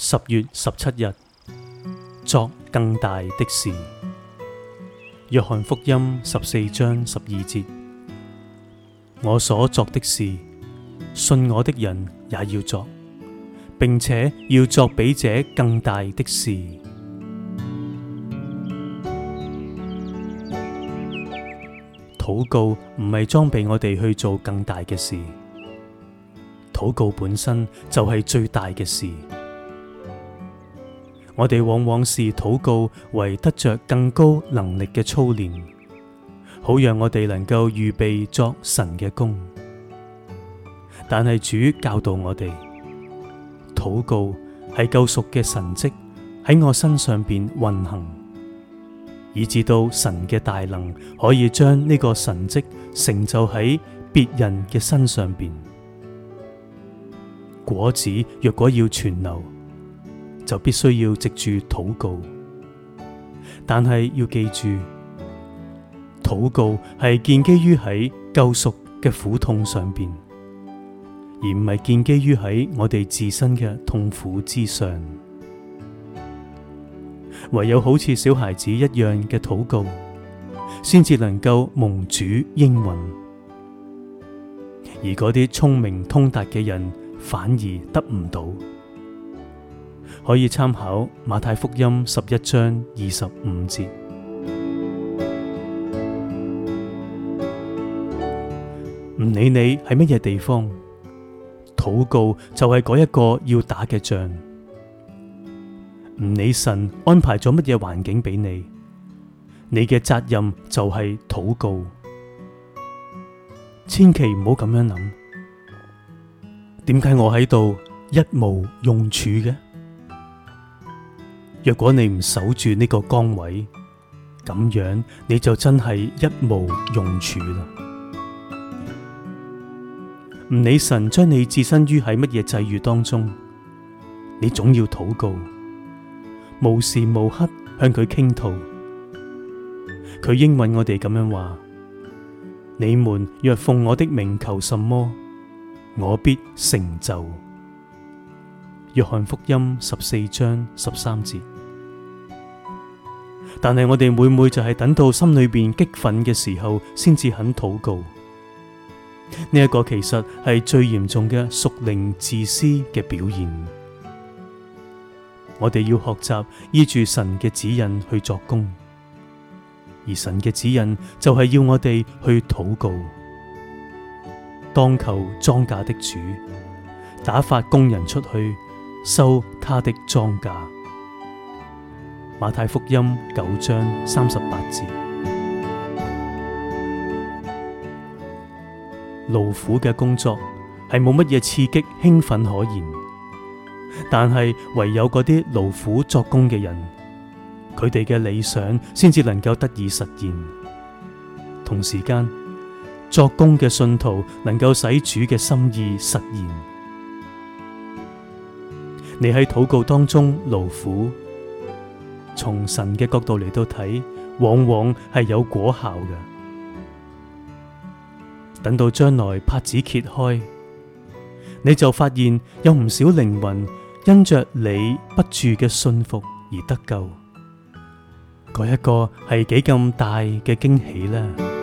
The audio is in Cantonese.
十月十七日，作更大的事。約翰福音十四章十二節：我所作的事，信我的人也要作，並且要作比這更大的事。禱告唔係裝備我哋去做更大嘅事，禱告本身就係最大嘅事。我哋往往視禱告為得着更高能力嘅操練，好讓我哋能夠預備作神嘅功。但係主教導我哋，禱告係救贖嘅神蹟喺我身上邊運行，以至到神嘅大能可以將呢個神迹成就喺別人嘅身上邊。果子若果要存留，就必須要藉住禱告，但係要記住，禱告係建基於喺救贖嘅苦痛上邊，而唔係建基於喺我哋自身嘅痛苦之上。唯有好似小孩子一樣嘅禱告，先至能夠蒙主應允；而嗰啲聰明通達嘅人反而得唔到。可以參考馬太福音十一章二十五節。唔理你喺乜嘢地方，禱告就係嗰一個要打嘅仗。唔理神安排咗乜嘢環境俾你，你嘅責任就係禱告。千祈唔好咁樣諗點解我喺度一無用處嘅？若果你唔守住呢個崗位，咁樣你就真係一無用處啦。唔理神將你置身於喺乜嘢際遇當中，你總要禱告，無時無刻向佢傾吐。佢應允我哋咁樣話：你們若奉我的名求什麼，我必成就。約翰福音十四章十三節。但係我哋每每就係等到心裏邊激憤嘅時候先至肯禱告。呢一個其實係最嚴重嘅屬靈自私嘅表現。我哋要學習依住神嘅指引去作工，而神嘅指引就係要我哋去禱告，當求莊稼的主打發工人出去收他的莊稼。馬太福音九章三十八節：勞苦嘅工作係冇乜嘢刺激、興奮可言，但係唯有嗰啲勞苦作工嘅人，佢哋嘅理想先至能夠得以實現。同時間，作工嘅信徒能夠使主嘅心意實現。你喺禱告當中勞苦。從神嘅角度嚟到睇，往往係有果效嘅。等到將來拍子揭開，你就發現有唔少靈魂因着你不住嘅信服而得救，嗰一個係幾咁大嘅驚喜呢？